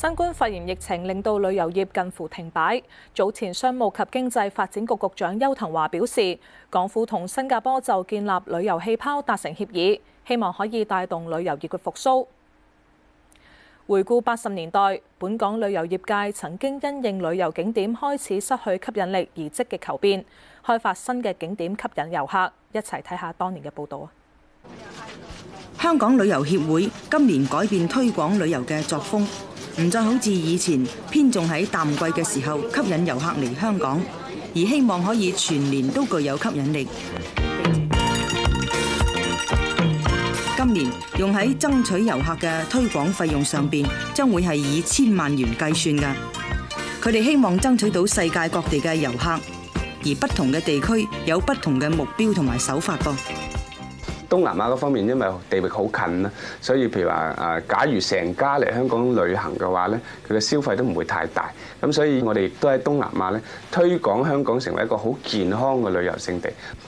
新冠肺炎疫情令到旅遊業近乎停擺。早前，商務及經濟發展局局長邱騰華表示，港府同新加坡就建立旅遊氣泡達成協議，希望可以帶動旅遊業嘅復甦。回顧八十年代，本港旅遊業界曾經因應旅遊景點開始失去吸引力而積極求變，開發新嘅景點吸引遊客。一齊睇下當年嘅報道啊！香港旅遊協會今年改變推廣旅遊嘅作風，唔再好似以前偏重喺淡季嘅時候吸引遊客嚟香港，而希望可以全年都具有吸引力。今年用喺爭取遊客嘅推廣費用上面，將會係以千萬元計算㗎。佢哋希望爭取到世界各地嘅遊客，而不同嘅地區有不同嘅目標同埋手法噃。東南亞嗰方面，因為地域好近啦，所以譬如話，誒，假如成家嚟香港旅行嘅話咧，佢嘅消費都唔會太大，咁所以我哋亦都喺東南亞咧推廣香港成為一個好健康嘅旅遊勝地。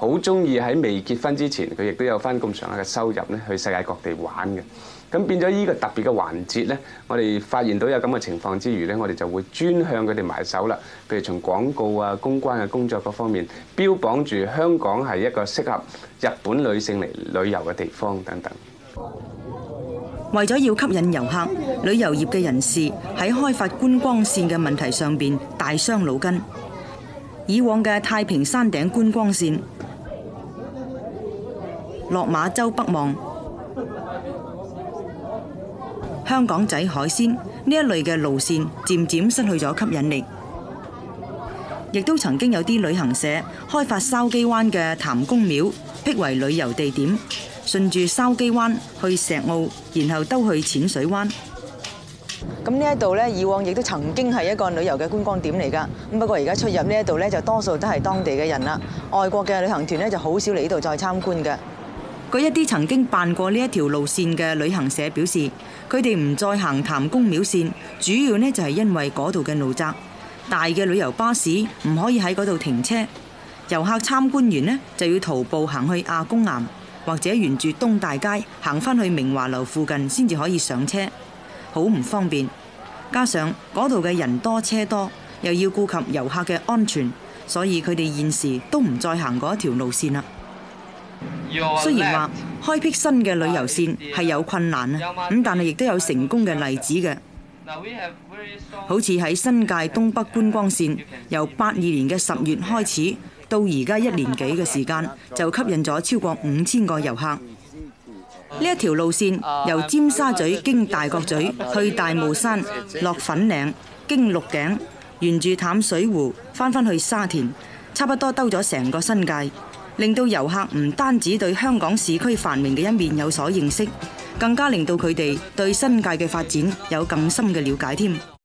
好中意喺未結婚之前，佢亦都有翻咁上下嘅收入呢，去世界各地玩嘅。咁變咗呢個特別嘅環節呢，我哋發現到有咁嘅情況之餘呢，我哋就會專向佢哋埋手啦。譬如從廣告啊、公關嘅工作各方面標榜住香港係一個適合日本女性嚟旅遊嘅地方等等。為咗要吸引遊客，旅遊業嘅人士喺開發觀光線嘅問題上邊大傷腦筋。以往嘅太平山頂觀光線、落馬洲北望，香港仔海鮮呢一類嘅路線，漸漸失去咗吸引力。亦都曾經有啲旅行社開發筲箕灣嘅譚公廟，辟為旅遊地點。順住筲箕灣去石澳，然後兜去淺水灣。咁呢一度咧，以往亦都曾經係一個旅遊嘅觀光點嚟噶。咁不過而家出入呢一度咧，就多數都係當地嘅人啦。外國嘅旅行團咧，就好少嚟呢度再參觀嘅。嗰一啲曾經辦過呢一條路線嘅旅行社表示，佢哋唔再行譚公廟線，主要呢就係因為嗰度嘅路窄，大嘅旅遊巴士唔可以喺嗰度停車，遊客參觀完呢就要徒步行去亞公岩，或者沿住東大街行返去明華樓附近先至可以上車，好唔方便。加上嗰度嘅人多車多，又要顧及遊客嘅安全，所以佢哋現時都唔再行嗰條路線啦。雖然話開闢新嘅旅遊線係有困難，咁但係亦都有成功嘅例子嘅。好似喺新界東北觀光線，由八二年嘅十月開始，到而家一年幾嘅時間，就吸引咗超過五千個遊客。呢一條路線由尖沙咀經大角咀去大帽山、落粉嶺、經鹿頸，沿住淡水湖返返去沙田，差不多兜咗成個新界。令到遊客唔單止對香港市區繁榮嘅一面有所認識，更加令到佢哋對新界嘅發展有更深嘅了解添。